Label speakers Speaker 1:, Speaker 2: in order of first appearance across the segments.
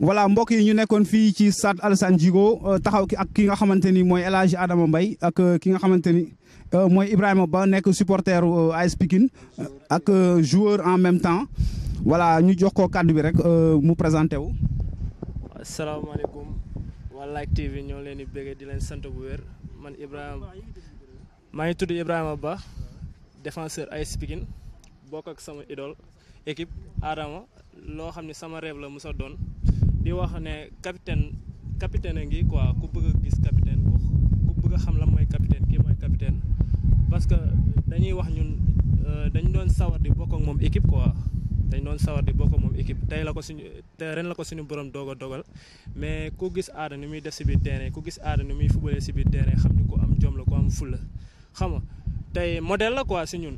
Speaker 1: voilà mbokk yi ñu nekkoon fii ci stade Alassane jigo euh, taxaw ki ak ki nga xamante ni mooy El Hadj Adama Mbaye ak euh, ki nga xamante ni euh, mooy Ibrahima Ba nekk supporter AS Pikine ak joueur en même temps voilà ñu jox ko kàddu bi rek mu présenté wu.
Speaker 2: asalaamaaleykum waa Like TV ñoo leen di bëggee di leen sant bu wér man Ibrahima maa ngi tudd Ibrahima Ba défenseur AS Pikine bokk ak sama idole équipe Adama loo xam ne sama reeb la musa doon. di wax ne capitaine capitaine ngi quoi ku bëgg a gis capitaine ku ku bëgg a xam la mooy capitaine kii mooy capitaine parce que dañuy wax ñun euh, dañ doon sawar di bokk ak moom équipe quoi dañ doon sawar di bokk moom équipe tey la ko suñu te ren la ko suñu borom doog a dogal mais ku gis aada ni muy def si biir terrain ku gis aada ni muy fubalee si biir terrain xam ni ko am jom la ku am fulla xam nga tey modèle la quoi si ñun.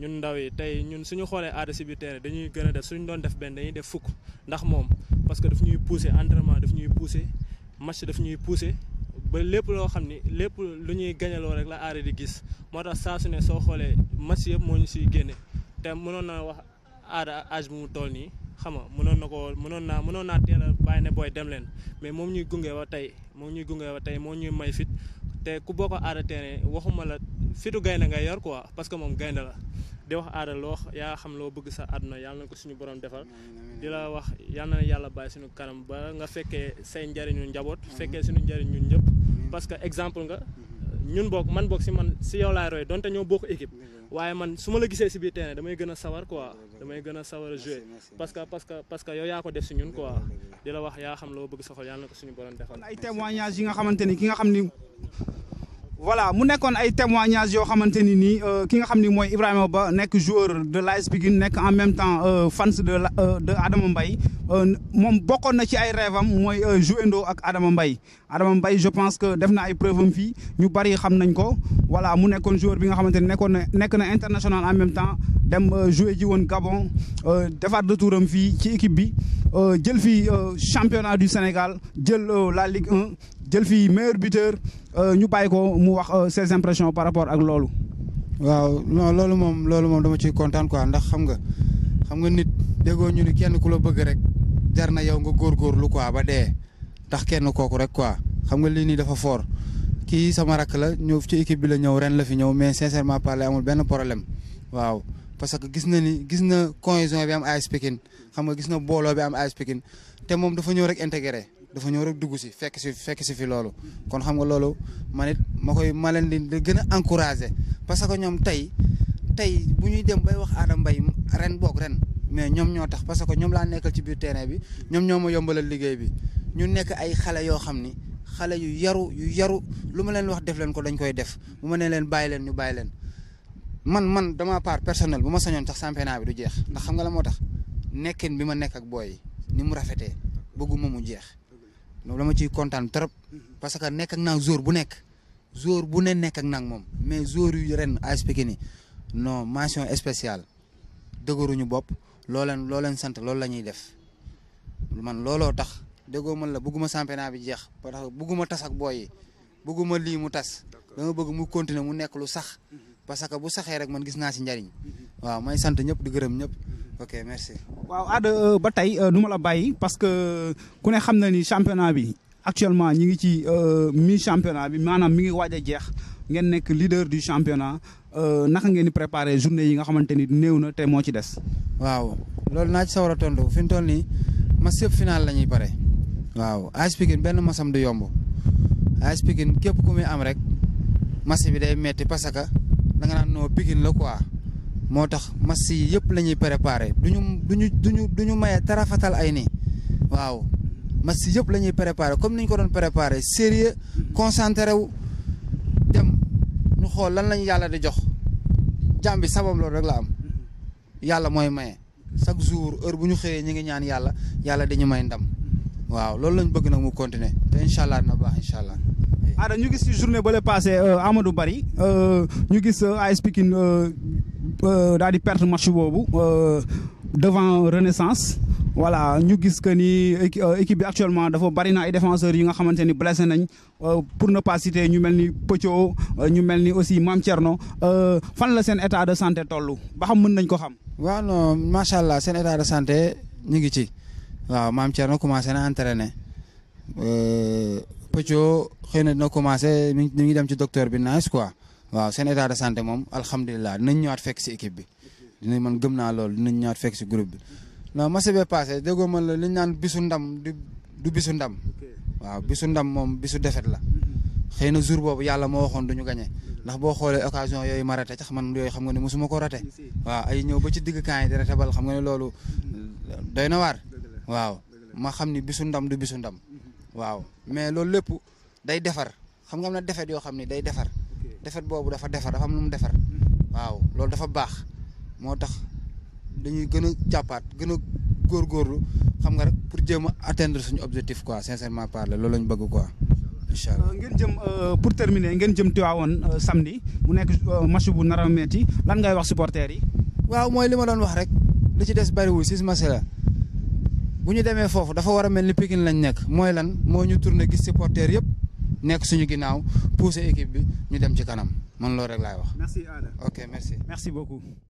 Speaker 2: ñun ndaw yi tey ñun suñu xoolee aada si biir terrain dañuy gën a def suñu doon def benn dañuy def fukk ndax moom parce que daf ñuy pousser entrement daf ñuy pousser match daf ñuy pousser ba lépp loo xam ni lépp lu ñuy gañaloo rek la aada di gis moo tax saa su ne soo xoolee match yëpp moo ñu siy génne te mënoon naa wax aada âge bu mu tool nii xam nga mënoon na ko mënoon naa mënoon naa teel a bàyyi ne booy dem leen mais moom ñuy gunge wa tey moom ñuy gunge wa tey moo ñuy may fit te ku bokk aada terrain waxuma la fitu gaynde nga yor quoi parce que moom gaynde la di wax aada loo yaa xam loo bëgg sa àdduna yàlla na ko suñu borom defal di la wax yàlla na yàlla bàyyi suñu kanam ba nga fekkee say njariñu njaboot fekkee suñu njariñ ñun ñëpp parce que exemple nga mhm. ñun boog man boog si man si yow laay roy donte ñoo bokk équipe waaye man su ma la gisee si biir terrain damay gën a sawar quoi damay gën a sawar a jouer parce que parce que parce que yow yaa ko def si ñun quoi di la wax yaa xam loo bëgg sa xol yàlla na ko suñu borom defal
Speaker 1: voilà mu nekkoon ay témoignages yoo xamante ni nii euh, ki nga xam ni mooy Ibrahima Ba nekk joueur de l'AS Pikine nekk en même temps euh, fans de euh, de Adama mbay moom bokkoon na ci ay rêve am mooy jouendo ak Adama mbay Adama Mbaye je pense que def na ay preuve am fii ñu bari xam nañ ko voilà mu nekkoon joueur bi nga xamante ni nekkoon na nekk na international en même temps dem jouer ji woon Gabon defaat retour am fii ci équipe bi jël fii championnat du Sénégal jël la Ligue 1 jël fii meilleur buteur Euh, ñu bàyyi ko mu wax euh, ses impressions par rapport ak loolu. waaw non loolu moom loolu moom dama ci
Speaker 3: kontaan quoi ndax xam nga xam nga nit déggoo ñu ni kenn ku la bëgg rek jar na yow nga lu quoi ba dee ndax kenn kooku rek quoi xam nga lii nii dafa foor kii sama rakk la ñëw ci équipe bi la ñëw ren la fi ñëw mais sincèrement parler amul benn problème waaw. parce que gis na ni gis na cohésion bi am AS Pikine xam nga gis na booloo bi am AS Pikine te moom dafa ñëw rek intégré. dafa ñëw rek dugg si fekk si fekk si fi loolu kon xam nga loolu man it ma koy ma leen di gën a encouragé parce que ñoom tey tey bu ñuy dem bay wax Adama Mbaye ren boog ren mais ñoom ñoo tax parce que ñoom laa nekkal ci biir terrain bi ñoom ñoo ma liggéey bi ñu nekk ay xale yoo xam ni xale yu yaru yu yaru lu ma leen wax def leen ko dañ koy def bu ma nee leen bàyyi leen ñu bàyyi leen man man dama part personnel bu ma sañoon sax championnat bi du jeex ndax xam nga la moo tax nekkin bi ma nekk ak booy ni mu rafetee bëgguma mu jeex loolu ma ciy kontaan trop parce que nekk ak naag bu nekk jour bu ne nekk ak moom mais jour yu ren AS Pikine ni non mention spéciale dëgëruñu bopp loo loo leen sant loolu la ñuy def man looloo tax déggoo man la bëgguma championnat bi jeex parce que bëgguma tas ak booy yi bëgguma lii mu tas dama bëgg mu continuer mu nekk lu sax mhm. parce que bu saxee rek man gis naa si njariñ mhm. waaw may sant ñëpp di gërëm ñëpp ok merci. waaw Ada euh, ba tey euh, nu ma la bàyyi parce que
Speaker 1: ku ne xam na ni championnat bi actuellement ñi ngi ci euh, mi championnat bi maanaam mi ngi waaj a jeex ngeen nekk leader du championnat naka ngeen di préparer journée yi nga xamante ni
Speaker 3: néew na te moo ci des. waaw loolu naa ci sawar a tontu fi mu toll nii match yëpp la ñuy pare. waaw AS Pikine benn masam du yomb AS Pikine képp ku muy am rek match bi day metti parce que da naan noo Pikine la quoi. moo tax match yi yëpp la ñuy préparé du ñu du ñu du ñu du ñu maye tarafatal ay ni waaw match yi yëpp la ñuy préparé comme ni ñu ko doon préparé sérieux concentré wu dem nu xool lan lañu yàlla di jox jàmm bi sabab loolu rek la am yàlla mooy maye chaque jour heure bu ñu xëyee ñu ngi ñaan yàlla yàlla dañu may ndam waaw loolu lañ bëgg nag mu continuer te incha allah na baax incha allah. Aada ñu gis journée ba
Speaker 1: la passé euh, Amadou euh, ñu gis euh, AS Pikine Euh, daal di perdre match boobu euh, devant Renaissance voilà ñu gis que ni euh, équipe bi actuellement dafa bari na ay défenseurs yi nga xamante ni blessé nañ pour ne pas ñu mel ni Pocho ñu mel ni aussi Mame Thierno fan la seen état de santé toll ba xam mën
Speaker 3: nañ ko xam. waaw non allah seen état de santé ñu ngi ci waaw Mame Thierno commencé na entraîner Pocho xëy na dina commencé mi ngi dem ci docteur bi nice quoi. waaw seen état de santé moom alhamdulilah dinañ ñëwaat fekk si équipe bi dinañ man gëm naa loolu dinañ ñëwaat fekk si groupe bi non match bi passé déggoo man la li ñu naan bisu ndam du bisu ndam waaw bisu ndam moom bisu defet la xëy na jour boobu yàlla moo waxoon du ñu gañe ndax boo xoolee occasion yooyu ma tax man yooyu xam nga ne mosuma ko rate waaw ay ñëw ba ci digg camp yi di rate bal xam nga ne loolu doy na waar waaw ma xam ni bisu ndam du bisu ndam mhm. waaw mais loolu lépp day defar xam nga am na defet yoo xam ni day defar defet boobu dafa defar dafa am lu mu defar waaw loolu dafa baax moo tax dañuy gën a jàppaat gën a góorgóorlu xam nga rek pour jéem a atteindre suñu objectif quoi sincèrement parler loolu lañu bëgg quoi incha euh, allah ngeen jëm euh, pour terminer
Speaker 1: ngeen jëm Tiwaawoon euh, samedi bu nekk match bu nar a metti lan ngay wax supporters yi. waaw
Speaker 3: mooy li ma doon wax rek li ci des bariwul six match la bu ñu demee foofu dafa war a mel ni Pikine lañ nekk mooy lan moo ñu tourné gis supporters yëpp. nekk suñu ginnaaw pousser équipe bi ñu dem ci kanam man loolu rek laay wax. merci Ada ok merci. merci beaucoup.